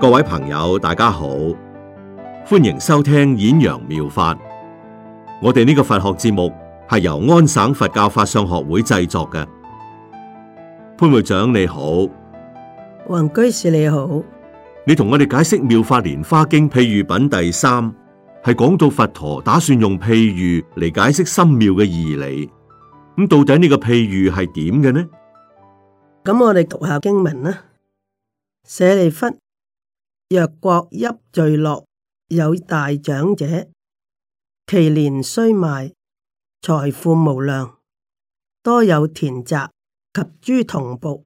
各位朋友，大家好，歡迎收聽演揚妙，妙法。我哋呢個佛學節目係由安省佛教法相學會製作嘅。潘會長你好，王居士你好，你同我哋解釋妙法蓮花經譬喻品第三，係講到佛陀打算用譬喻嚟解釋深妙嘅義理。咁、嗯、到底呢個譬喻係點嘅呢？咁我哋讀下經文啦，舍利弗。若國邑聚落有大長者，其年衰邁，財富無量，多有田宅及諸僮僕，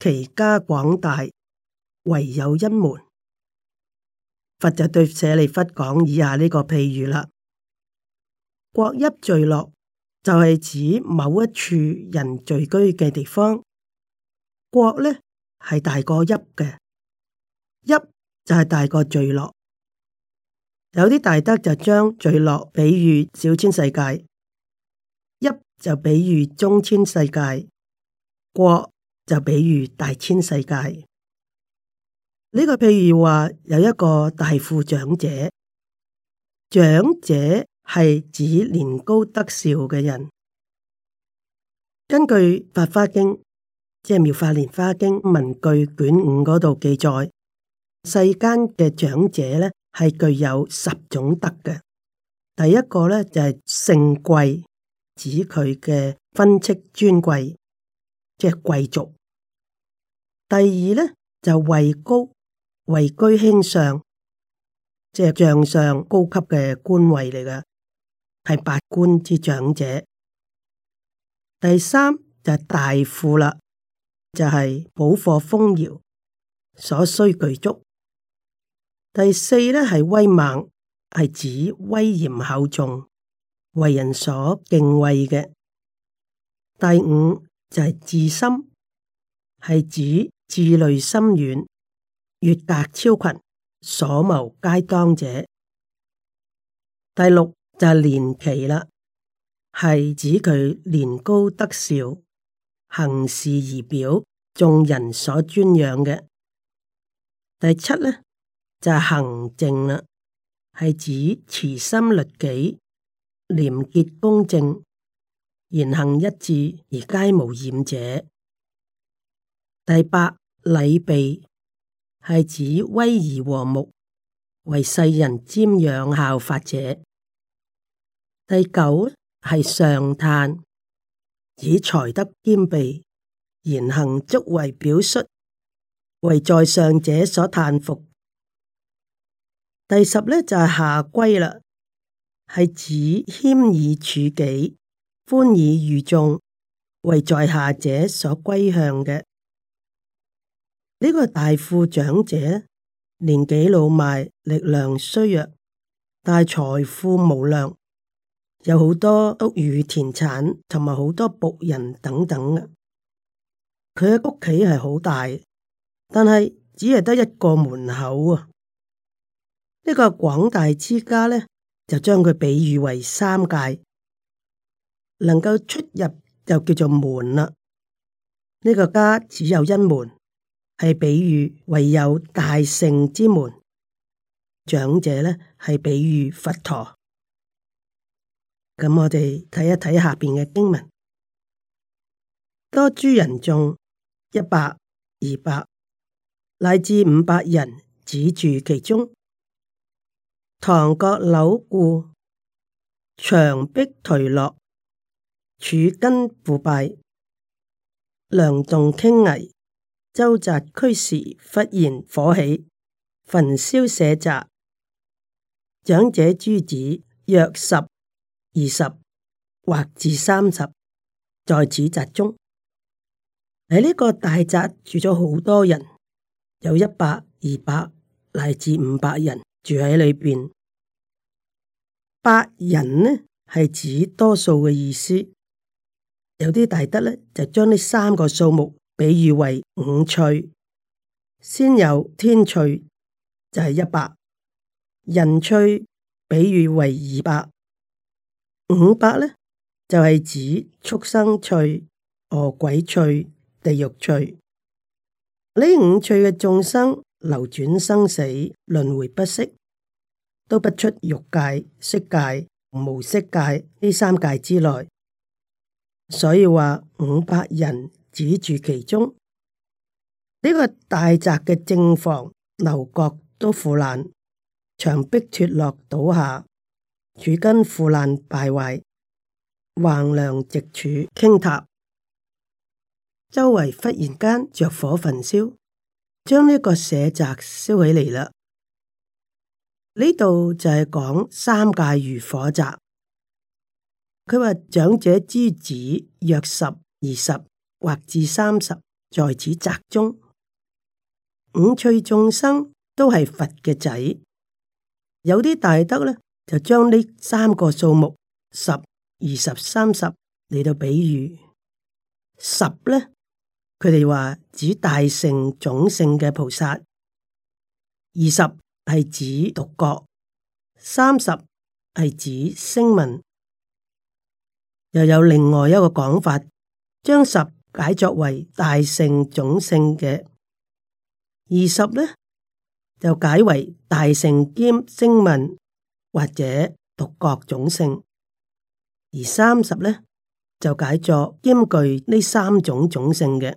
其家廣大，唯有一門。佛就對舍利弗講以下呢個譬喻喇：「國邑聚落就係指某一處人聚居嘅地方。國呢係大過邑嘅。一就係大個聚落，有啲大德就將聚落比喻小千世界，一就比喻中千世界，國就比喻大千世界。呢、這個譬如話有一個大富長者，長者係指年高德少嘅人。根據《法花經》，即係《妙法蓮花經》文句卷五嗰度記載。世間嘅長者咧係具有十種德嘅。第一個咧就係姓貴，指佢嘅分戚尊貴，即係貴族。第二咧就位高，位居卿上，即係將相高級嘅官位嚟嘅，係百官之長者。第三就係大富啦，就係寶貨豐饒，所需具足。第四咧係威猛，係指威嚴厚重，為人所敬畏嘅。第五就係智深，係指智慮深遠，越格超群，所謀皆當者。第六就係年耆啦，係指佢年高德劭，行事儀表，眾人所尊仰嘅。第七咧，就係行正啦，係指持心律己，廉潔公正、言行一致而皆無染者。第八禮備，係指威儀和睦，為世人瞻仰效法者。第九係上歎，以才德兼備、言行足為表率，為在上者所歎服。第十呢，就係、是、下歸啦，係指謙以處己，寬以御眾，為在下者所歸向嘅。呢、這個大富長者，年紀老邁，力量衰弱，但係財富無量，有好多屋宇田產同埋好多僕人等等嘅。佢喺屋企係好大，但係只係得一個門口啊。呢個廣大之家咧，就將佢比喻為三界，能夠出入就叫做門啦。呢、這個家只有一門，係比喻唯有大聖之門。長者咧，係比喻佛陀。咁我哋睇一睇下邊嘅經文，多諸人眾，一百、二百乃至五百人止住其中。唐閣朽故，牆壁頹落，柱根腐敗，梁棟傾危，周匝俱時，忽然火起，焚燒舍宅，長者諸子若十、二十或至三十，在此宅中。喺呢個大宅住咗好多人，有一百、二百乃至五百人。住喺裏邊，八人呢係指多數嘅意思。有啲大德呢就將呢三個數目比喻為五趣，先有天趣就係、是、一百，人趣比喻為二百，五百呢就係、是、指畜生趣、餓鬼趣、地獄趣呢五趣嘅眾生。流轉生死、輪迴不息，都不出欲界、色界、無色界呢三界之內。所以話五百人止住其中。呢、這個大宅嘅正房樓閣都腐爛，牆壁脱落倒下，柱根腐爛敗壞，橫樑直柱傾塌，周圍忽然間着火焚燒。將呢個舍宅燒起嚟啦！呢度就係講三界如火宅，佢話長者之子若十、二十或至三十，在此宅中，五趣眾生都係佛嘅仔，有啲大德咧就將呢三個數目十、二十、三十嚟到比喻十咧。佢哋話指大乘種性嘅菩薩，二十係指獨覺，三十係指聲聞。又有另外一個講法，將十解作為大乘種性嘅，二十呢，就解為大乘兼聲聞，或者獨覺種性，而三十呢，就解作兼具呢三種種性嘅。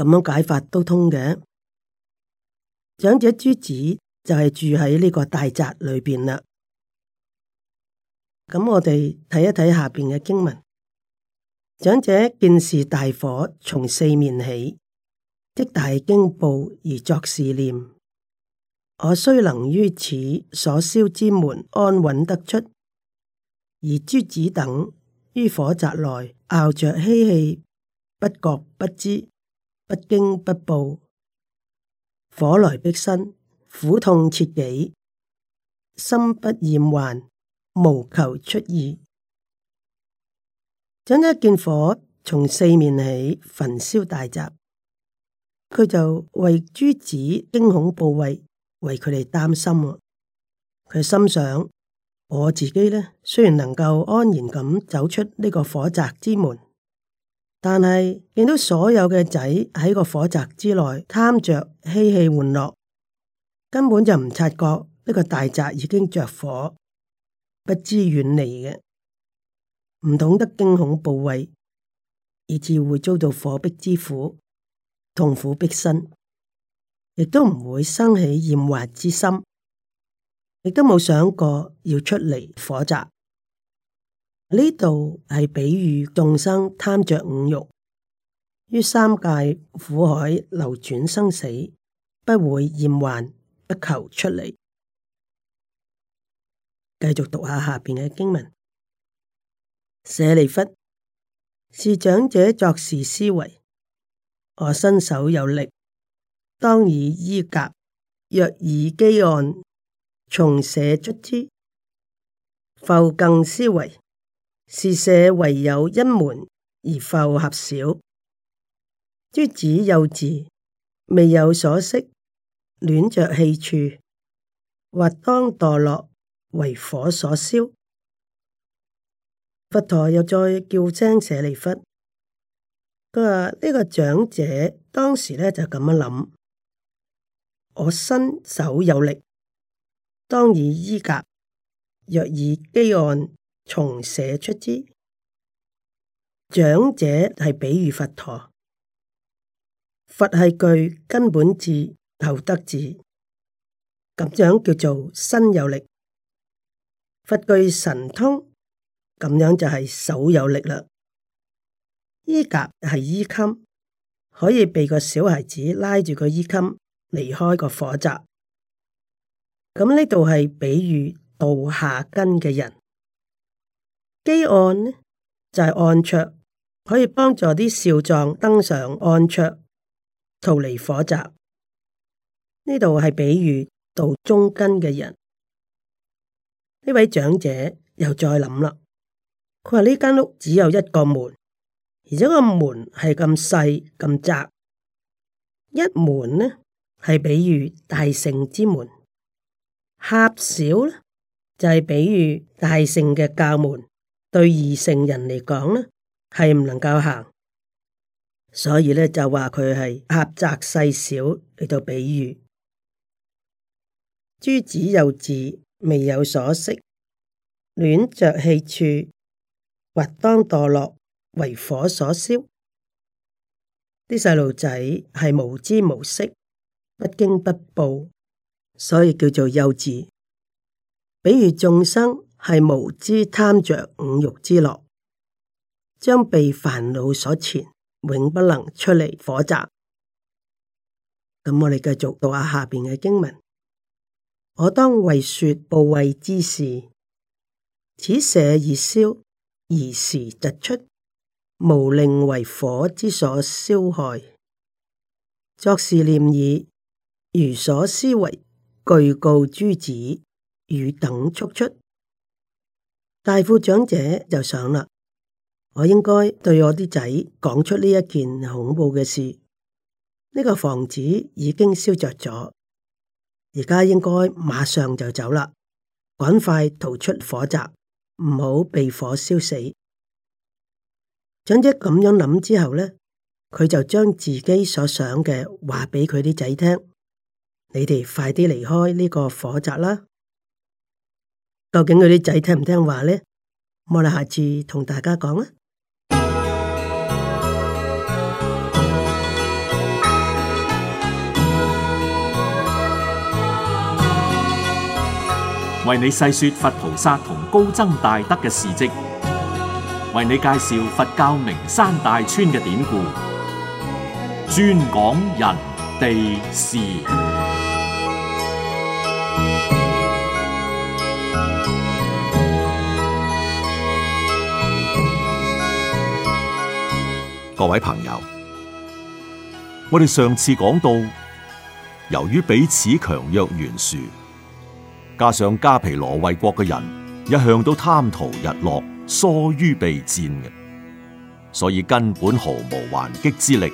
咁樣解法，都通嘅，長者諸子就係住喺呢個大宅裏邊啦。咁、嗯、我哋睇一睇下邊嘅經文：長者見是大火從四面起，即大驚怖而作是念：我雖能于此所燒之門安穩得出，而諸子等于火宅內樂着嬉戲，不覺不知。不驚不怖，火來逼身，苦痛切己，心不厭患，無求出意。整一件火從四面起，焚燒大宅，佢就為諸子驚恐怖畏，為佢哋擔心。佢心想：我自己呢，雖然能夠安然咁走出呢個火宅之門。但係見到所有嘅仔喺個火宅之內貪着，嬉戲，戲玩樂，根本就唔察覺呢個大宅已經着火，不知遠離嘅，唔懂得驚恐部位，以致會遭到火逼之苦，痛苦逼身，亦都唔會生起厭患之心，亦都冇想過要出嚟火宅。呢度係比喻眾生貪着五欲，於三界苦海流轉生死，不會厭患，不求出離。繼續讀下下邊嘅經文：舍利弗，是長者作是思維：我身手有力，當以衣裓；若以機案，從舍出之，復更思維。是舍唯有一門而復狹小，諸子幼稚，未有所識，戀著戲處，或當墮落，為火所燒。佛陀又再叫聲舍利弗，佢話呢個長者當時咧就咁樣諗，我身手有力，當以衣裓，若以幾案。從舍出之長者係比喻佛陀。佛係具根本智後得智，咁樣叫做身有力。佛具神通，咁樣就係手有力啦。衣裓係衣襟，可以被個小孩子拉住個衣襟離開個火宅。咁呢度係比喻度下根嘅人。幾案呢，就係、是、案桌，可以幫助啲少壯登上案桌，逃離火宅。呢度係比喻道中根嘅人。呢位長者又再諗啦，佢話呢間屋只有一個門，而且個門係咁細咁窄。一門呢，係比喻大乘之門，狹小呢，就係、是、比喻大乘嘅教門。對異性人嚟講呢，係唔能夠行，所以咧就話佢係狹窄細小嚟到比喻。諸子幼稚，未有所識，戀着戲處，或當墮落為火所燒。啲細路仔係無知無識，不驚不怖，所以叫做幼稚。比如眾生。係無知貪着五欲之樂，將被煩惱所纏，永不能出離火宅。咁我哋繼續讀下下邊嘅經文。我當為說怖畏之事，此舍已燒，宜時疾出，無令為火之所燒害。作是念已，如所思惟，具告諸子，汝等速出。大富長者就想啦，我應該對我啲仔講出呢一件恐怖嘅事。呢個房子已經燒着咗，而家應該馬上就走喇。趕快逃出火宅，唔好被火燒死。長者咁樣諗之後呢，佢就將自己所想嘅話畀佢啲仔聽。你哋快啲離開呢個火宅啦！究竟佢啲仔聽唔聽話呢？我哋下次同大家講啊！為你細說佛菩薩同高僧大德嘅事蹟，為你介紹佛教名山大川嘅典故，專講人地事。各位朋友，我哋上次講到，由於彼此強弱懸殊，加上迦毗羅衛國嘅人一向都貪圖逸樂，疏於備戰嘅，所以根本毫無還擊之力，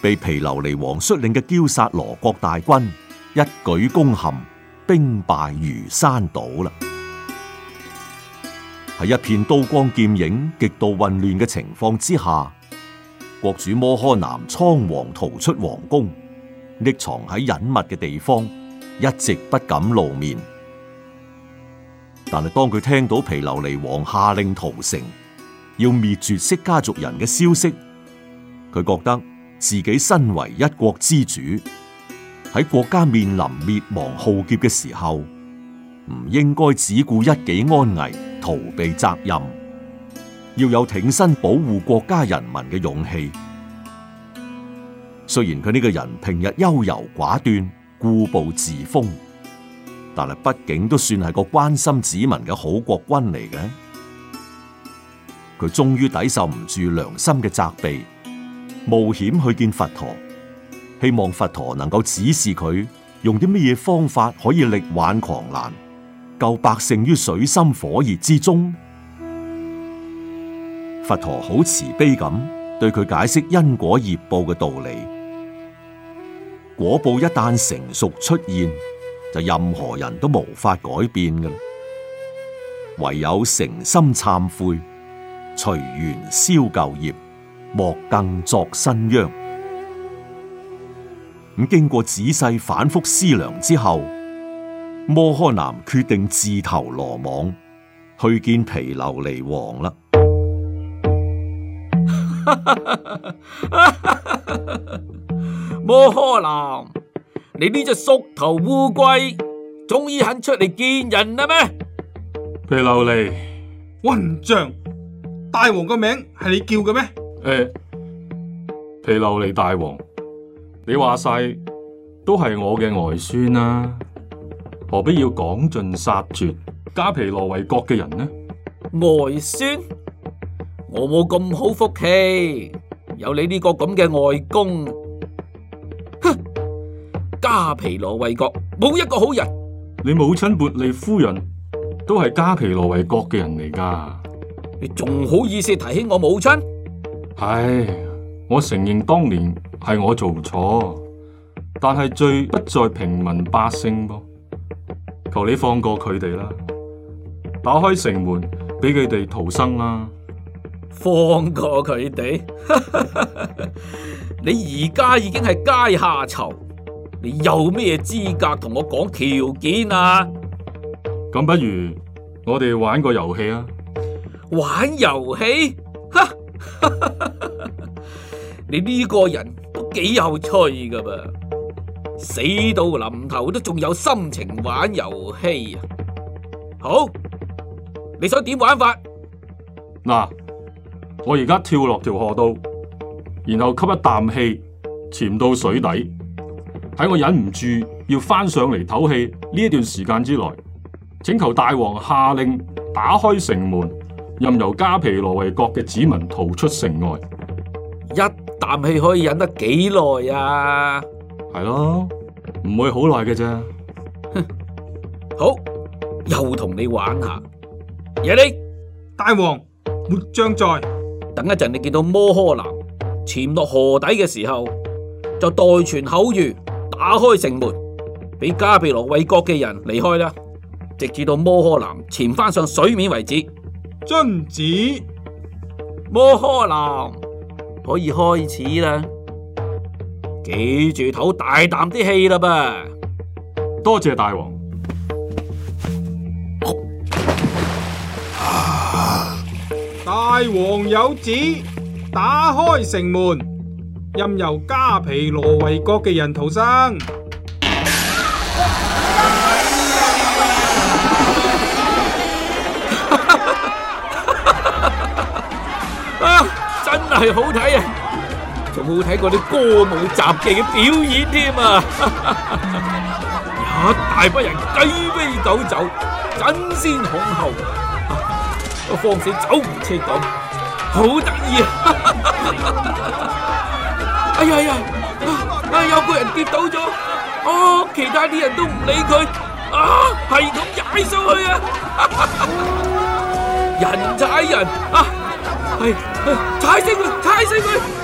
被毗琉璃王率領嘅憍薩羅國大軍一舉攻陷，兵敗如山倒啦。喺一片刀光劍影、極度混亂嘅情況之下，國主摩訶男倉皇逃出皇宮，匿藏喺隱密嘅地方，一直不敢露面。但係當佢聽到毗琉璃王下令屠城，要滅絕釋迦族人嘅消息，佢覺得自己身為一國之主，喺國家面臨滅亡浩劫嘅時候，唔應該只顧一己安危，逃避責任，要有挺身保護國家人民嘅勇氣。雖然佢呢個人平日優柔寡斷、固步自封，但係畢竟都算係個關心子民嘅好國君嚟嘅。佢終於抵受唔住良心嘅責備，冒險去見佛陀，希望佛陀能夠指示佢用啲咩嘢方法可以力挽狂瀾。救百姓於水深火熱之中，佛陀好慈悲咁對佢解釋因果業報嘅道理。果報一旦成熟出現，就任何人都無法改變噶啦，唯有誠心懺悔，隨緣消舊業，莫更作新殃。咁經過仔細反復思量之後。摩訶男決定自投羅網，去見毗琉璃王啦！ 摩訶男，你呢隻縮頭烏龜，終於肯出嚟見人啦咩？欸？毗琉璃，混帳，大王個名係你叫嘅咩？誒，毗琉璃大王，你話晒都係我嘅外孫啊。何必要講盡殺絕，迦毗羅衛國嘅人呢？外孫？我冇咁好福氣，有你呢個咁嘅外公。哼，迦毗羅衛國冇一個好人。你母親勃利夫人都係迦毗羅衛國嘅人嚟㗎，你仲好意思提起我母親？唉，我承認當年係我做錯，但係罪不在平民百姓噃。求你放過佢哋啦，打開城門俾佢哋逃生啦。放過佢哋？ 你而家已經係階下囚，你有咩資格同我講條件啊？咁不如我哋玩個遊戲啊！玩遊戲？ 你呢個人都幾有趣噶噃。死到臨頭都仲有心情玩遊戲啊！好，你想點玩法？嗱、啊，我而家跳落條河道，然後吸一啖氣，潛到水底，喺我忍唔住要翻上嚟唞氣呢一段時間之內，請求大王下令打開城門，任由迦毗羅衛國嘅子民逃出城外。一啖氣可以忍得幾耐啊？係咯，唔會好耐嘅啫。 好，又同你玩下。耶利。大王，末將在。等一陣，你見到摩訶男潛落河底嘅時候，就代傳口諭，打開城門，俾加毗羅衛國嘅人離開啦。直至到摩訶男潛翻上水面為止。遵旨子，摩訶男可以開始啦。記住唞大啖啲氣啦噃！多謝大王。大王有旨，打開城門，任由迦毗羅衛國嘅人逃生。哈哈哈！啊，真係好睇啊！仲冇睇過啲歌舞雜技嘅表演添啊！一大班人雞飛狗走，爭先恐後，個慌死走唔切噉，好得意啊！哎呀哎呀，啊，有個人跌倒咗，哦，其他啲人都唔理佢，啊係咁踩上去啊！人踩人啊，係踩死佢，踩死佢！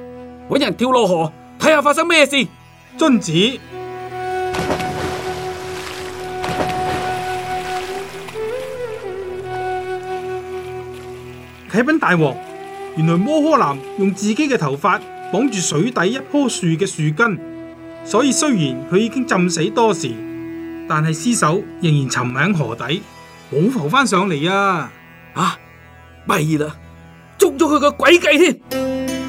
搵人跳落河，睇下發生咩事。遵旨啟禀大王，原來摩訶男用自己嘅頭髮綁住水底一棵樹嘅樹根，所以雖然佢已經浸死多時，但係屍首仍然沉喺河底，冇浮翻上嚟啊！啊，弊啦，捉咗佢嘅詭計添。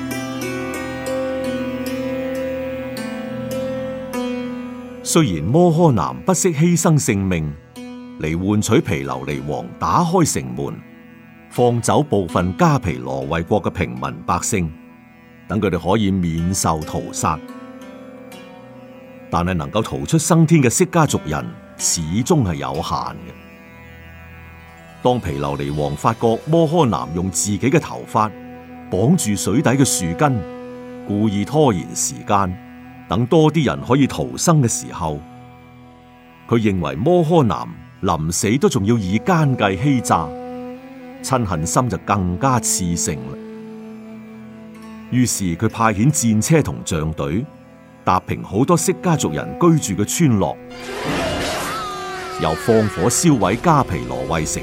雖然摩訶男不惜犧牲性命嚟換取毗琉璃王打開城門，放走部分迦毗羅衛國嘅平民百姓，等佢哋可以免受屠殺，但係能夠逃出生天嘅釋迦族人始終係有限嘅。當毗琉璃王發覺摩訶男用自己嘅頭髮綁住水底嘅樹根，故意拖延時間。等多啲人可以逃生嘅時候，佢認為摩訶男臨死都仲要以奸計欺詐，嗔恨心就更加熾盛啦。於是佢派遣戰車同象隊，踏平好多釋迦族人居住嘅村落，又放火燒毀迦毗羅衛城，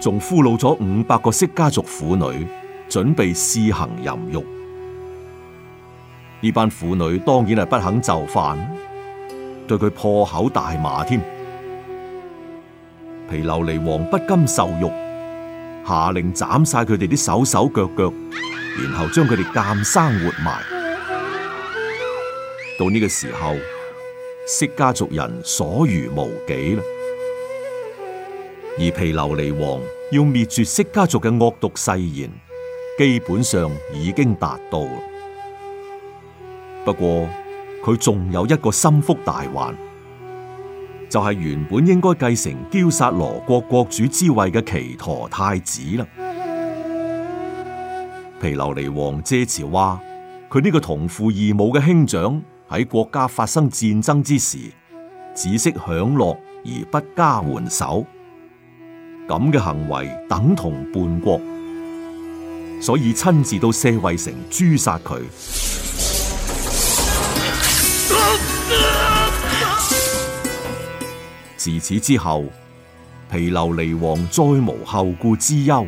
仲俘虜咗五百個釋迦族婦女，準備施行淫欲。呢班婦女當然係不肯就範，對佢破口大罵添。毗琉璃王，不甘受辱，下令斬晒佢哋啲手手腳腳，然後將佢哋監生活埋。到呢個時候，釋迦族人所餘無幾啦，而毗琉璃王要滅絕釋迦族嘅惡毒誓言，基本上已經達到。不過佢仲有一個心腹大患，就係、是、原本應該繼承鳩薩羅國國主之位嘅奇陀太子啦。毗琉璃王借詞話，佢呢個同父異母嘅兄長喺國家發生戰爭之時，只識享樂而不加援手，咁嘅行為等同叛國，所以親自到舍衛城誅殺佢。自此之後，毗琉璃王再無後顧之憂，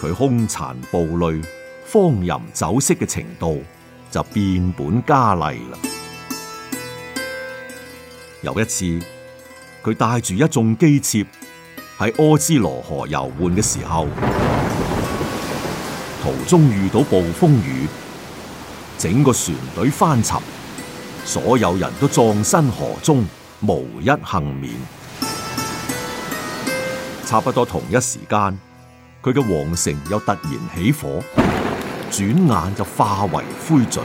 佢凶殘暴戾，荒淫酒色嘅程度就變本加厲啦。 有一次，佢帶住一眾姬妾喺柯茲羅河遊玩嘅時候，途中遇到暴風雨，整個船隊翻沉。所有人都葬身河中，無一幸免。差不多同一時間，佢嘅皇城又突然起火，轉眼就化為灰燼。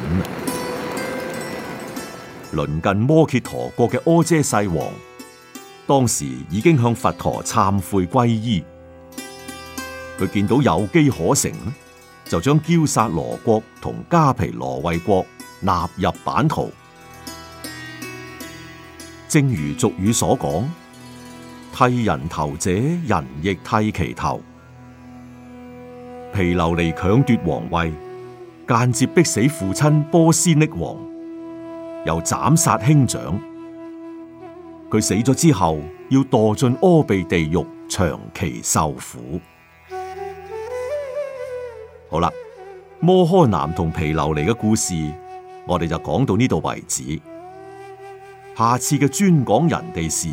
鄰近摩揭陀國嘅阿闍世王，當時已經向佛陀懺悔皈依。佢見到有機可乘，就將憍薩羅國同迦毗羅衛國納入版圖。正如俗語所講，剃人頭者，人亦剃其頭。毗琉璃搶奪皇位，間接逼死父親波斯匿王，又斬殺兄長。佢死咗之後，要墮進阿鼻地獄，長期受苦。好啦，摩訶男同毗琉璃嘅故事，我哋就講到呢度為止。下次嘅專講人哋事，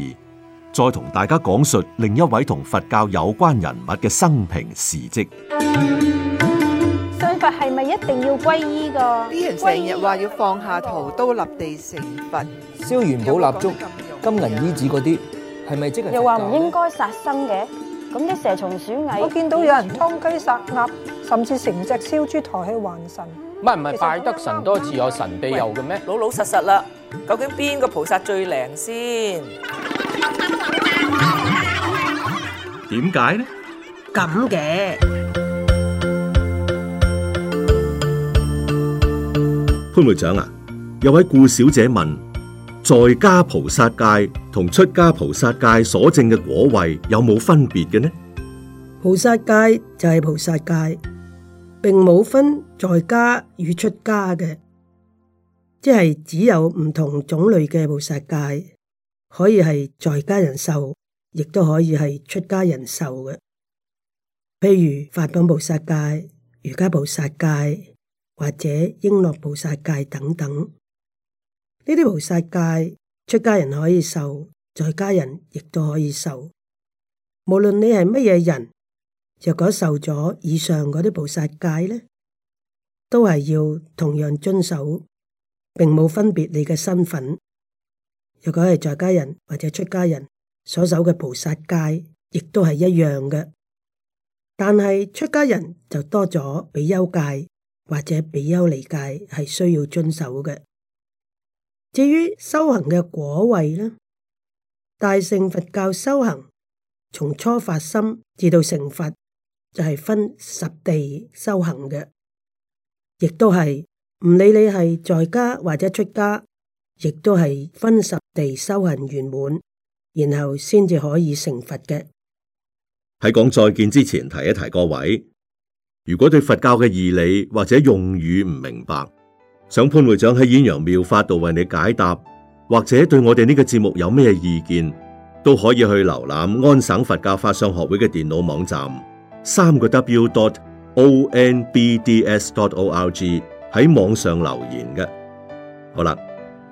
再同大家講述另一位同佛教有關人物嘅生平事跡。信、嗯、佛係咪一定要皈依㗎？啲人成日話要放下屠刀立地成佛，燒元寶蠟燭、金銀衣紙嗰啲，係咪、啊、即係？又話唔應該殺生嘅，咁啲蛇蟲鼠蟻，我見到有人劏雞殺鴨，蟲蟲蟲蟲甚至成隻燒豬抬去還神。唔係唔係，拜得神多自有神庇佑嘅咩？喂老，老老實實啦。究竟邊個菩薩最靈先？點解呢？咁嘅潘會長啊，有位顧小姐問：在家菩薩戒同出家菩薩戒所證嘅果位有冇分別嘅呢？菩薩戒就係菩薩戒，並冇分在家與出家嘅。即係只有唔同種類嘅菩薩戒，可以係在家人受，亦都可以係出家人受嘅。譬如法本菩薩戒、瑜伽菩薩戒或者瓔珞菩薩戒等等，呢啲菩薩戒出家人可以受，在家人亦都可以受。無論你係乜嘢人，若果受咗以上嗰啲菩薩戒呢，都係要同樣遵守。並冇分別你嘅身份，如果係在家人或者出家人所守嘅菩薩戒亦都係一樣嘅。但係出家人就多咗比丘戒或者比丘尼戒係需要遵守嘅。至於修行嘅果位呢，大乘佛教修行從初發心至到成佛，就係、是、分十地修行嘅，亦都係。唔理你係在家或者出家，亦都係分十地修行圓滿，然後先至可以成佛嘅。喺講再見之前，提一提各位，如果對佛教嘅義理或者用語唔明白，想潘會長喺鴛鴦妙法度為你解答，或者對我哋呢個節目有咩意見，都可以去瀏覽安省佛教法相學會嘅電腦網站，三個 W 點 O N B D S 點 O R G。喺網上留言嘅。好啦，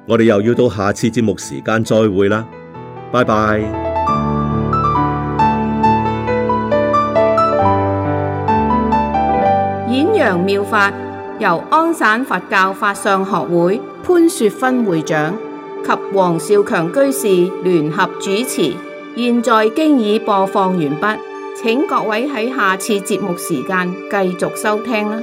我哋又要到下次節目時間再會啦，拜拜。演揚妙法由安省佛教法相學會潘雪芬會長及黃少強居士聯合主持，現在經已播放完畢，請各位喺下次節目時間繼續收聽啦。